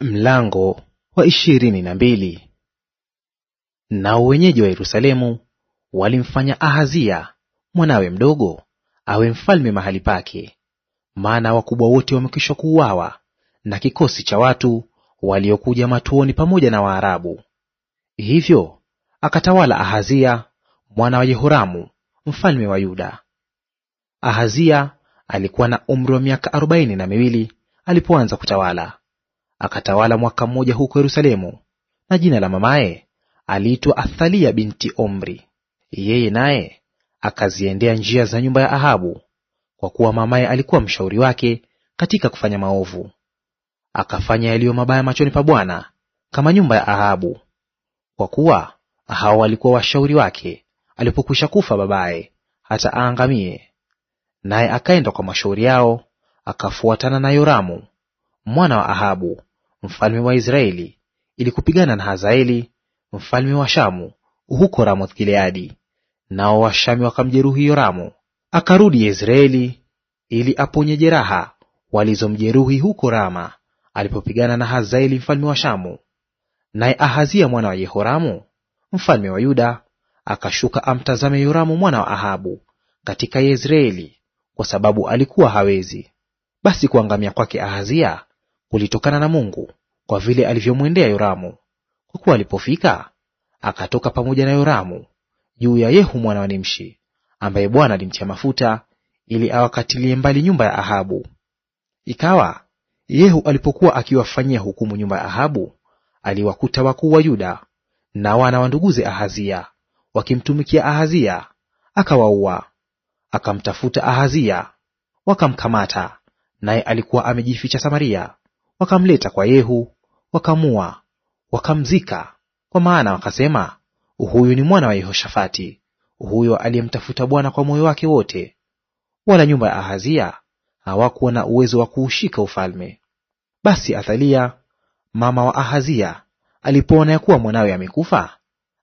Mlango wa ishirini na mbili. Nao wenyeji wa Yerusalemu walimfanya Ahazia mwanawe mdogo awe mfalme mahali pake, maana wakubwa wote wamekwisha kuuawa na kikosi cha watu waliokuja matuoni pamoja na Waarabu. Hivyo akatawala Ahazia mwana wa Yehoramu mfalme wa Yuda. Ahazia alikuwa na umri wa miaka arobaini na miwili alipoanza kutawala akatawala mwaka mmoja huko Yerusalemu. Na jina la mamaye aliitwa Athalia binti Omri. Yeye naye akaziendea njia za nyumba ya Ahabu, kwa kuwa mamaye alikuwa mshauri wake katika kufanya maovu. Akafanya yaliyo mabaya machoni pa Bwana, kama nyumba ya Ahabu, kwa kuwa hao walikuwa washauri wake alipokwisha kufa babaye, hata aangamie. Naye akaenda kwa mashauri yao, akafuatana na Yoramu mwana wa Ahabu mfalme wa Israeli, ili kupigana na Hazaeli mfalme wa Shamu huko Ramoth Gileadi. Nao Washami wakamjeruhi Yoramu, akarudi Yezreeli ili aponye jeraha walizomjeruhi huko Rama alipopigana na Hazaeli mfalme wa Shamu. Naye Ahazia mwana wa Yehoramu mfalme wa Yuda akashuka amtazame Yoramu mwana wa Ahabu katika Yezreeli, kwa sababu alikuwa hawezi. Basi kuangamia kwake Ahazia kulitokana na Mungu kwa vile alivyomwendea Yoramu, kwa kuwa alipofika akatoka pamoja na Yoramu juu ya Yehu mwana wa Nimshi, ambaye Bwana alimtia mafuta ili awakatilie mbali nyumba ya Ahabu. Ikawa Yehu alipokuwa akiwafanyia hukumu nyumba ya Ahabu, aliwakuta wakuu wa Yuda na wana wa nduguze Ahazia wakimtumikia Ahazia, akawaua. Akamtafuta Ahazia wakamkamata, naye alikuwa amejificha Samaria Wakamleta kwa Yehu, wakamua, wakamzika, kwa maana wakasema, huyu ni mwana wa Yehoshafati, huyo aliyemtafuta Bwana kwa moyo wake wote. Wala nyumba ya Ahazia hawakuwa na uwezo wa kuushika ufalme. Basi Athalia mama wa Ahazia alipoona ya kuwa mwanawe amekufa,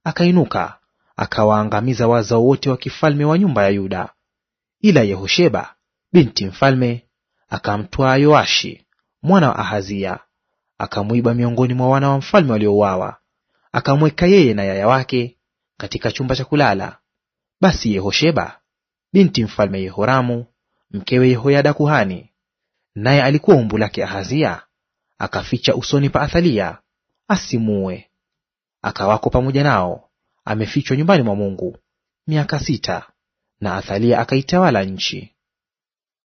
akainuka akawaangamiza wazao wote wa kifalme wa nyumba ya Yuda. Ila Yehosheba binti mfalme akamtwaa Yoashi mwana wa Ahazia, akamwiba miongoni mwa wana wa mfalme waliouawa, akamweka yeye na yaya wake katika chumba cha kulala. Basi Yehosheba binti mfalme Yehoramu mkewe Yehoyada kuhani, naye alikuwa umbu lake Ahazia, akaficha usoni pa Athalia asimue, akawako pamoja nao, amefichwa nyumbani mwa Mungu miaka sita, na Athalia akaitawala nchi.